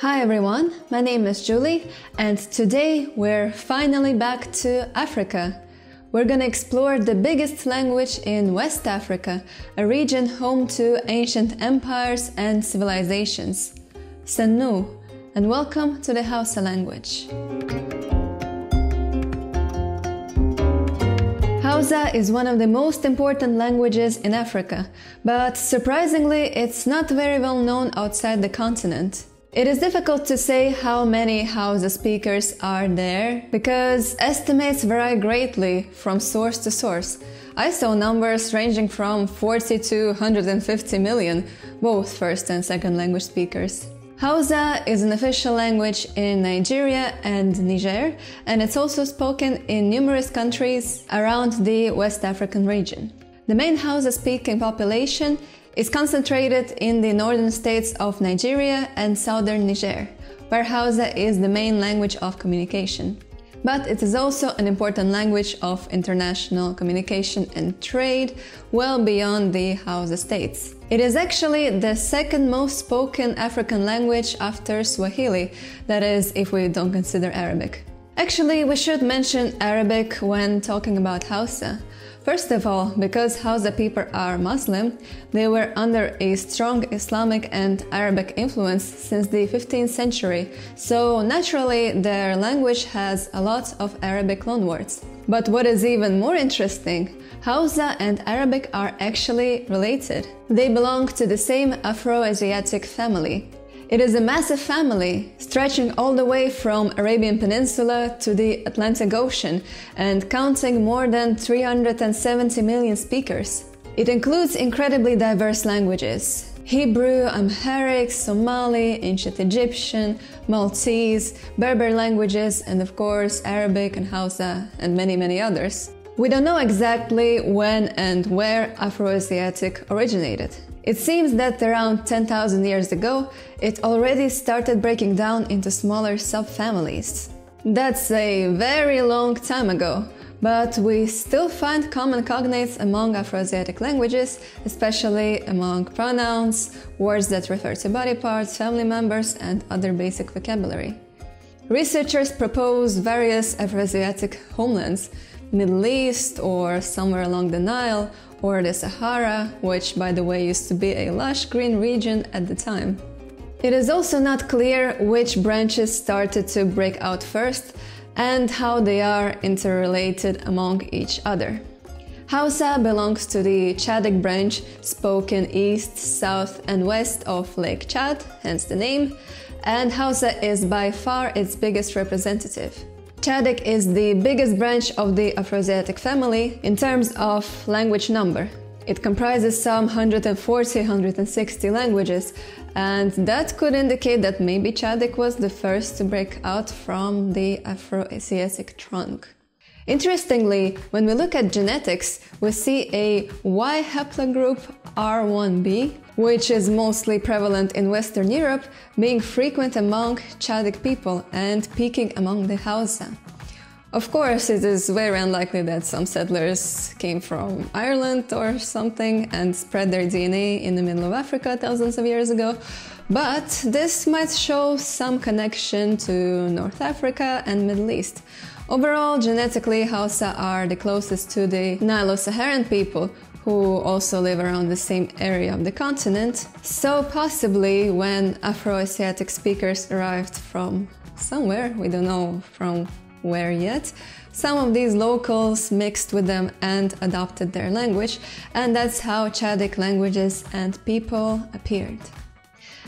Hi everyone, my name is Julie, and today we're finally back to Africa. We're gonna explore the biggest language in West Africa, a region home to ancient empires and civilizations, Sanu, and welcome to the Hausa language. Hausa is one of the most important languages in Africa, but surprisingly, it's not very well known outside the continent. It is difficult to say how many house speakers are there because estimates vary greatly from source to source. I saw numbers ranging from 40 to 150 million, both first and second language speakers. Hausa is an official language in Nigeria and Niger, and it's also spoken in numerous countries around the West African region. The main Hausa speaking population it's concentrated in the northern states of Nigeria and southern Niger, where Hausa is the main language of communication. But it is also an important language of international communication and trade, well beyond the Hausa states. It is actually the second most spoken African language after Swahili, that is, if we don't consider Arabic. Actually, we should mention Arabic when talking about Hausa. First of all, because Hausa people are Muslim, they were under a strong Islamic and Arabic influence since the 15th century, so naturally their language has a lot of Arabic loanwords. But what is even more interesting, Hausa and Arabic are actually related. They belong to the same Afro-Asiatic family, it is a massive family, stretching all the way from Arabian Peninsula to the Atlantic Ocean and counting more than 370 million speakers. It includes incredibly diverse languages Hebrew, Amharic, Somali, ancient Egyptian, Maltese, Berber languages, and of course Arabic and Hausa, and many, many others. We don't know exactly when and where Afro-Asiatic originated. It seems that around 10,000 years ago, it already started breaking down into smaller subfamilies. That's a very long time ago, but we still find common cognates among Afroasiatic languages, especially among pronouns, words that refer to body parts, family members, and other basic vocabulary. Researchers propose various Afroasiatic homelands, Middle East or somewhere along the Nile or the Sahara, which by the way used to be a lush green region at the time. It is also not clear which branches started to break out first and how they are interrelated among each other. Hausa belongs to the Chadic branch spoken east, south and west of Lake Chad, hence the name, and Hausa is by far its biggest representative. Chadic is the biggest branch of the Afroasiatic family in terms of language number. It comprises some 140 160 languages, and that could indicate that maybe Chadic was the first to break out from the Afroasiatic trunk. Interestingly, when we look at genetics, we see a Y haplogroup R1b, which is mostly prevalent in Western Europe, being frequent among Chadic people and peaking among the Hausa. Of course, it is very unlikely that some settlers came from Ireland or something and spread their DNA in the middle of Africa thousands of years ago, but this might show some connection to North Africa and Middle East. Overall, genetically, Hausa are the closest to the Nilo-Saharan people, who also live around the same area of the continent. So possibly when Afro-Asiatic speakers arrived from somewhere, we don't know from where yet, some of these locals mixed with them and adopted their language, and that's how Chadic languages and people appeared.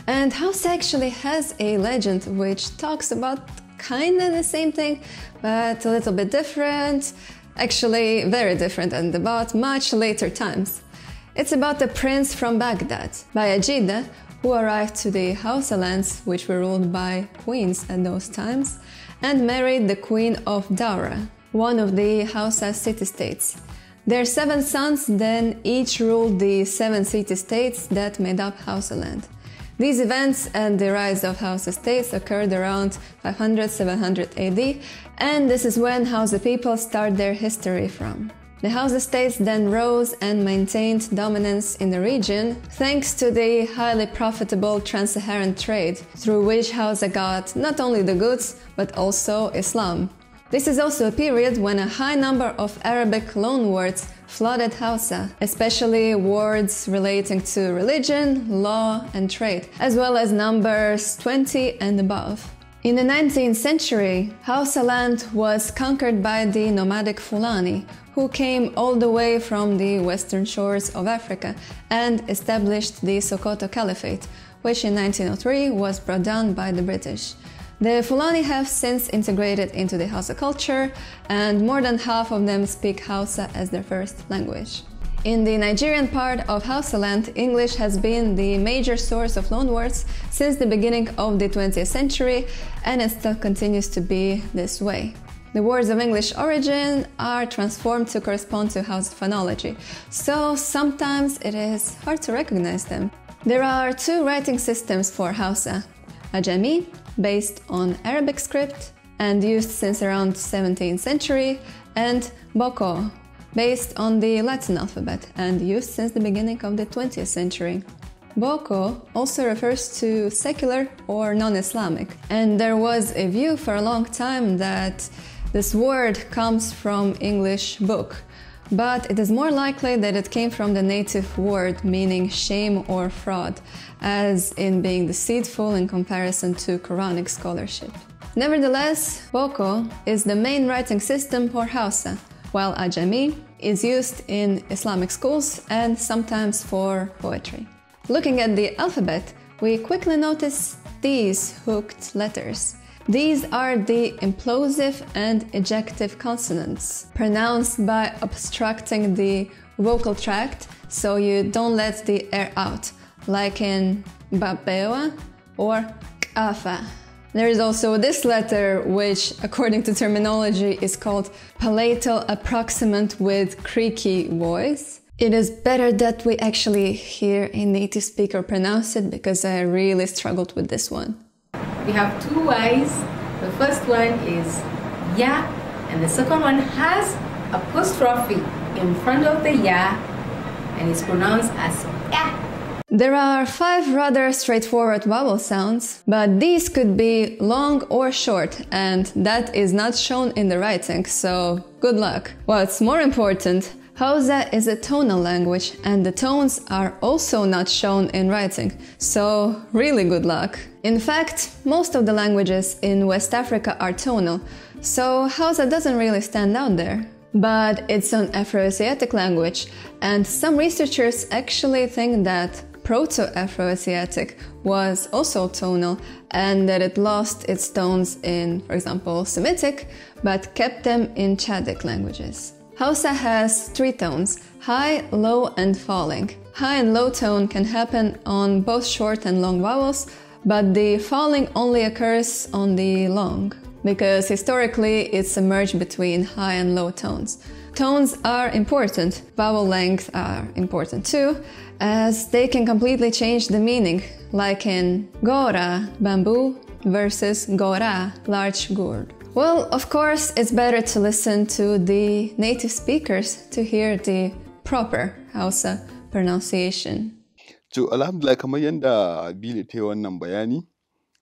And Hausa actually has a legend which talks about kinda the same thing, but a little bit different, actually very different and about much later times. It's about the prince from Baghdad, Bayajida, who arrived to the Hausa lands, which were ruled by queens at those times, and married the queen of Dara, one of the Hausa city-states. Their seven sons then each ruled the seven city-states that made up Hausa land. These events and the rise of House estates occurred around 500-700 AD, and this is when Hausa people start their history from. The Hausa states then rose and maintained dominance in the region thanks to the highly profitable trans-Saharan trade, through which Hausa got not only the goods but also Islam. This is also a period when a high number of Arabic loanwords flooded Hausa, especially words relating to religion, law, and trade, as well as numbers 20 and above. In the 19th century, Hausa land was conquered by the nomadic Fulani, who came all the way from the western shores of Africa and established the Sokoto Caliphate, which in 1903 was brought down by the British. The Fulani have since integrated into the Hausa culture, and more than half of them speak Hausa as their first language. In the Nigerian part of Hausaland, English has been the major source of loanwords since the beginning of the 20th century, and it still continues to be this way. The words of English origin are transformed to correspond to Hausa phonology, so sometimes it is hard to recognize them. There are two writing systems for Hausa, Ajami based on Arabic script and used since around 17th century, and Boko, based on the Latin alphabet and used since the beginning of the 20th century. Boko also refers to secular or non-Islamic, and there was a view for a long time that this word comes from English book, but it is more likely that it came from the native word meaning shame or fraud, as in being deceitful in comparison to Quranic scholarship. Nevertheless, Boko is the main writing system for Hausa, while Ajami is used in Islamic schools and sometimes for poetry. Looking at the alphabet, we quickly notice these hooked letters these are the implosive and ejective consonants, pronounced by obstructing the vocal tract so you don't let the air out, like in babewa or kafa. There is also this letter, which, according to terminology, is called palatal approximant with creaky voice. It is better that we actually hear a native speaker pronounce it because I really struggled with this one we have two Y's. The first one is ya and the second one has apostrophe in front of the ya and it's pronounced as ya. There are five rather straightforward vowel sounds, but these could be long or short, and that is not shown in the writing, so good luck. What's more important, Hausa is a tonal language and the tones are also not shown in writing, so really good luck. In fact, most of the languages in West Africa are tonal, so Hausa doesn't really stand out there. But it's an Afroasiatic language, and some researchers actually think that Proto-Afroasiatic was also tonal and that it lost its tones in, for example, Semitic, but kept them in Chadic languages. Hausa has three tones high, low, and falling. High and low tone can happen on both short and long vowels, but the falling only occurs on the long, because historically it's a merge between high and low tones. Tones are important, vowel lengths are important too, as they can completely change the meaning, like in gora, bamboo, versus gora, large gourd. Well, of course, it's better to listen to the native speakers to hear the proper Hausa pronunciation. To alhamdulillah kamar yadda Bili ta yi wannan bayani,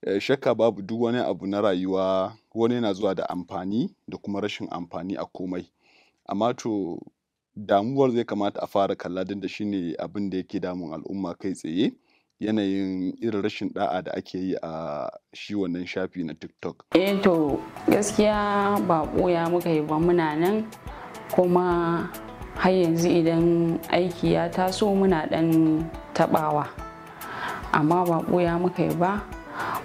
eh, shakka babu duk wani abu na rayuwa wani yana zuwa da amfani da kuma rashin amfani a komai. Amma to damuwar zai kamata a fara kalla da shine abin da yake damun al'umma kai tsaye. yanayin irin rashin da'a da ake yi a shi wannan shafi na tiktok eh to gaskiya ba ya muka yi ba muna nan kuma har yanzu idan aiki ya taso muna dan taɓawa amma ba ya muka yi ba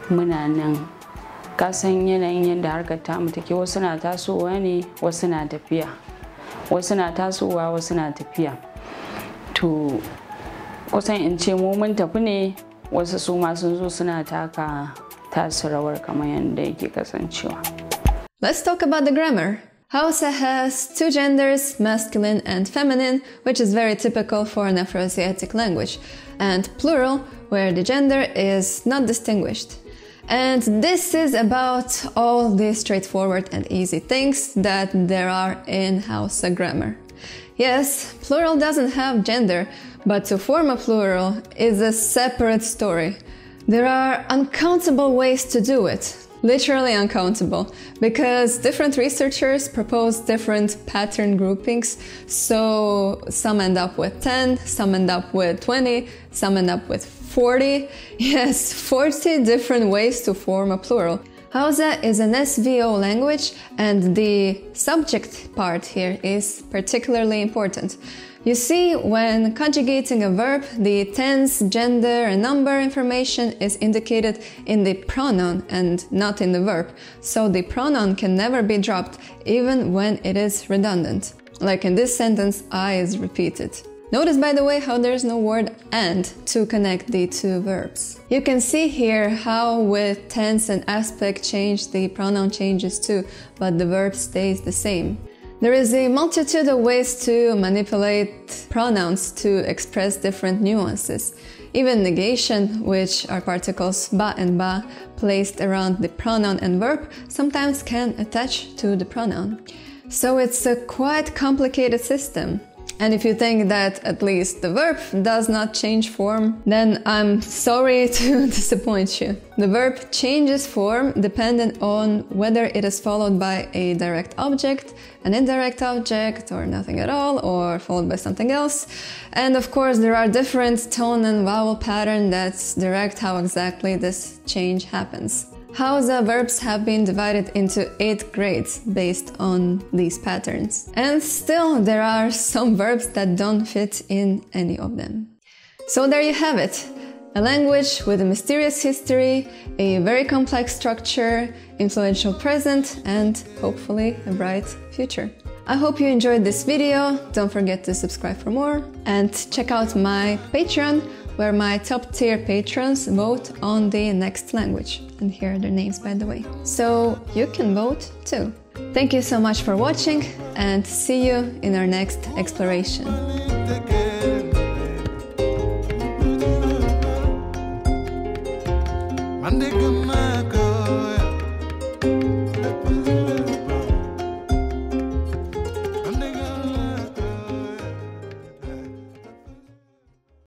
muna nan kasan yanayin yadda harkar tamu take wasu na tasowa ne wasu na tafiya wasu na tasowa wasu na tafiya to in ce mu mun tafi ne wasu su ma sun zo suna taka kamar yadda yake kasancewa. Let's talk about the grammar. Hausa has two genders, masculine and feminine, which is very typical for an Afroasiatic language, and plural, where the gender is not distinguished. And this is about all the straightforward and easy things that there are in Hausa grammar. Yes, plural doesn't have gender, but to form a plural is a separate story. There are uncountable ways to do it, literally uncountable, because different researchers propose different pattern groupings. So some end up with 10, some end up with 20, some end up with 40. Yes, 40 different ways to form a plural. Hausa is an SVO language, and the subject part here is particularly important. You see, when conjugating a verb, the tense, gender, and number information is indicated in the pronoun and not in the verb, so the pronoun can never be dropped even when it is redundant. Like in this sentence, I is repeated. Notice by the way how there's no word and to connect the two verbs. You can see here how with tense and aspect change the pronoun changes too, but the verb stays the same. There is a multitude of ways to manipulate pronouns to express different nuances. Even negation, which are particles ba and ba placed around the pronoun and verb, sometimes can attach to the pronoun. So it's a quite complicated system. And if you think that at least the verb does not change form, then I'm sorry to disappoint you. The verb changes form dependent on whether it is followed by a direct object, an indirect object, or nothing at all, or followed by something else. And of course, there are different tone and vowel patterns that direct how exactly this change happens how the verbs have been divided into 8 grades based on these patterns. And still, there are some verbs that don't fit in any of them. So there you have it. A language with a mysterious history, a very complex structure, influential present, and hopefully a bright future. I hope you enjoyed this video, don't forget to subscribe for more, and check out my Patreon where my top tier patrons vote on the next language. And here are their names, by the way. So you can vote too. Thank you so much for watching and see you in our next exploration.